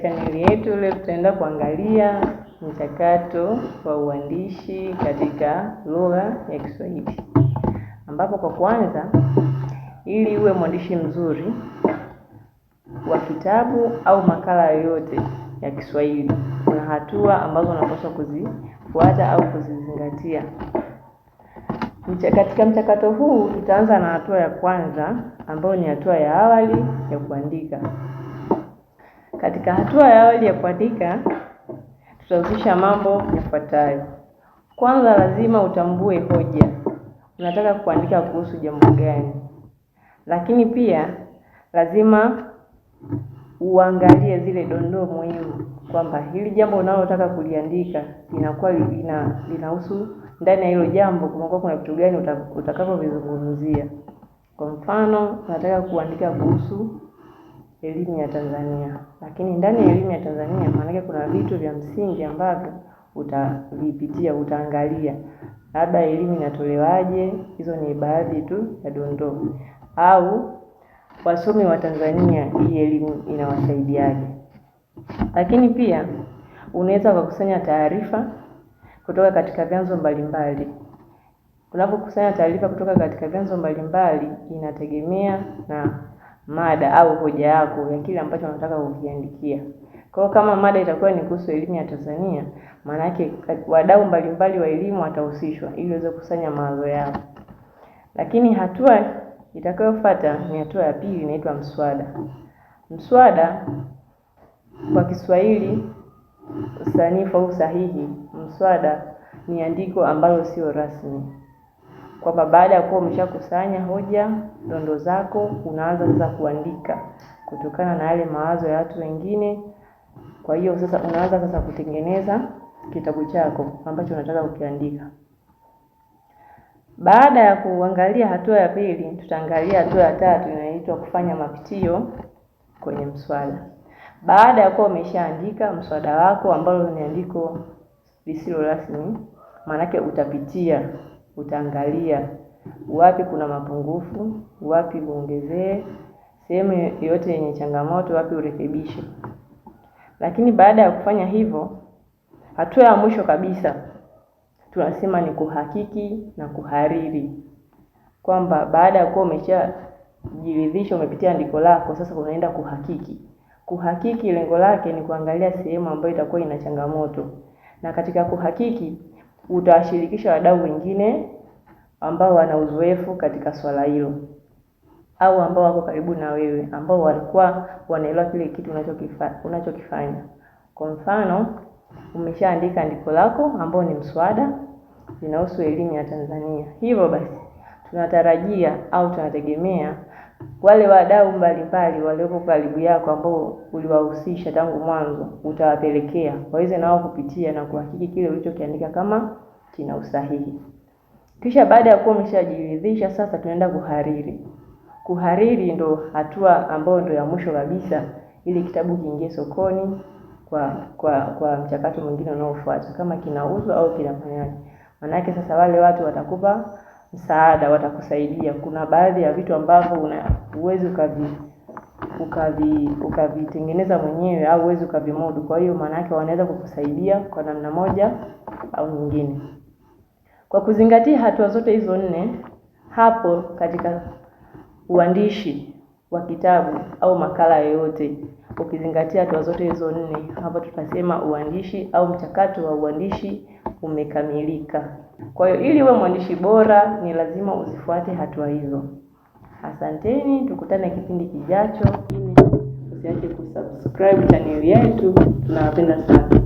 chaneli yetu. Leo tutaenda kuangalia mchakato wa uandishi katika lugha ya Kiswahili, ambapo kwa kwanza, ili uwe mwandishi mzuri wa kitabu au makala yoyote ya Kiswahili, kuna hatua ambazo unapaswa kuzifuata au kuzizingatia. Mcha, katika mchakato huu tutaanza na hatua ya kwanza ambayo ni hatua ya awali ya kuandika. Katika hatua ya awali ya kuandika, tutahusisha mambo yafuatayo. Kwanza, lazima utambue hoja, unataka kuandika kuhusu jambo gani. Lakini pia lazima uangalie zile dondoo muhimu, kwamba hili jambo unalotaka kuliandika linakuwa linahusu, ndani ya hilo jambo kumekuwa kuna vitu gani utakavyovizungumzia. Kwa mfano, unataka kuandika kuhusu elimu ya Tanzania. Lakini ndani ya elimu ya Tanzania maanake kuna vitu vya msingi ambavyo utavipitia, utaangalia labda elimu inatolewaje. Hizo ni baadhi tu ya dondoo, au wasomi wa Tanzania hii elimu inawasaidiaje. Lakini pia unaweza ukakusanya taarifa kutoka katika vyanzo mbalimbali. Unapokusanya taarifa kutoka katika vyanzo mbalimbali, inategemea na mada au hoja yako ya kile ambacho unataka kukiandikia. Kwa hiyo kama mada itakuwa ni kuhusu elimu ya Tanzania, maana yake wadau mbalimbali wa elimu watahusishwa ili waweze kukusanya mawazo yao. Lakini hatua itakayofuata ni hatua ya pili, inaitwa mswada. Mswada kwa Kiswahili usanifu au sahihi, mswada ni andiko ambalo sio rasmi kwamba baada ya kuwa umeshakusanya hoja, ndondo zako, unaanza sasa kuandika kutokana na yale mawazo ya watu wengine. Kwa hiyo sasa unaanza sasa kutengeneza kitabu chako ambacho unataka kukiandika. Baada ya kuangalia hatua ya pili, tutaangalia hatua ya tatu inaitwa kufanya mapitio kwenye mswada. Baada ya kuwa umeshaandika mswada wako ambao ni andiko lisilo rasmi, maanake utapitia utaangalia wapi kuna mapungufu, wapi uongezee, sehemu yote yenye changamoto, wapi urekebishe. Lakini baada ya kufanya hivyo, hatua ya mwisho kabisa tunasema ni kuhakiki na kuhariri, kwamba baada ya kuwa umeshajiridhisha, umepitia andiko lako, sasa unaenda kuhakiki. Kuhakiki lengo lake ni kuangalia sehemu ambayo itakuwa ina changamoto, na katika kuhakiki utawashirikisha wadau wengine ambao wana uzoefu katika swala hilo au ambao wako karibu na wewe ambao walikuwa wanaelewa kile kitu unachokifanya unachokifanya. Kwa mfano, umeshaandika andiko lako ambao ni mswada linahusu elimu ya Tanzania. Hivyo basi tunatarajia au tunategemea wale wadau mbalimbali waliopo karibu yako ambao uliwahusisha tangu mwanzo, utawapelekea waweze nao kupitia na kuhakiki kile ulichokiandika kama kina usahihi. Kisha baada ya kuwa umeshajiridhisha, sasa tunaenda kuhariri. Kuhariri ndo hatua ambayo ndo ya mwisho kabisa, ili kitabu kiingie sokoni kwa kwa kwa mchakato mwingine unaofuata, kama kinauzwa au kinafanyaje. Maanake sasa wale watu watakupa msaada, watakusaidia. Kuna baadhi ya vitu ambavyo una uwezi ukavi ukavi ukavitengeneza mwenyewe au uwezi ukavimudu. Kwa hiyo maana yake wanaweza kukusaidia kwa namna moja au nyingine. Kwa kuzingatia hatua zote hizo nne hapo katika uandishi wa kitabu au makala yoyote, ukizingatia hatua zote hizo nne, hapa tutasema uandishi au mchakato wa uandishi umekamilika. Kwa hiyo ili uwe mwandishi bora, ni lazima uzifuate hatua hizo. Asanteni, tukutane kipindi kijacho. Usiache kusubscribe chaneli yetu, tunawapenda sana.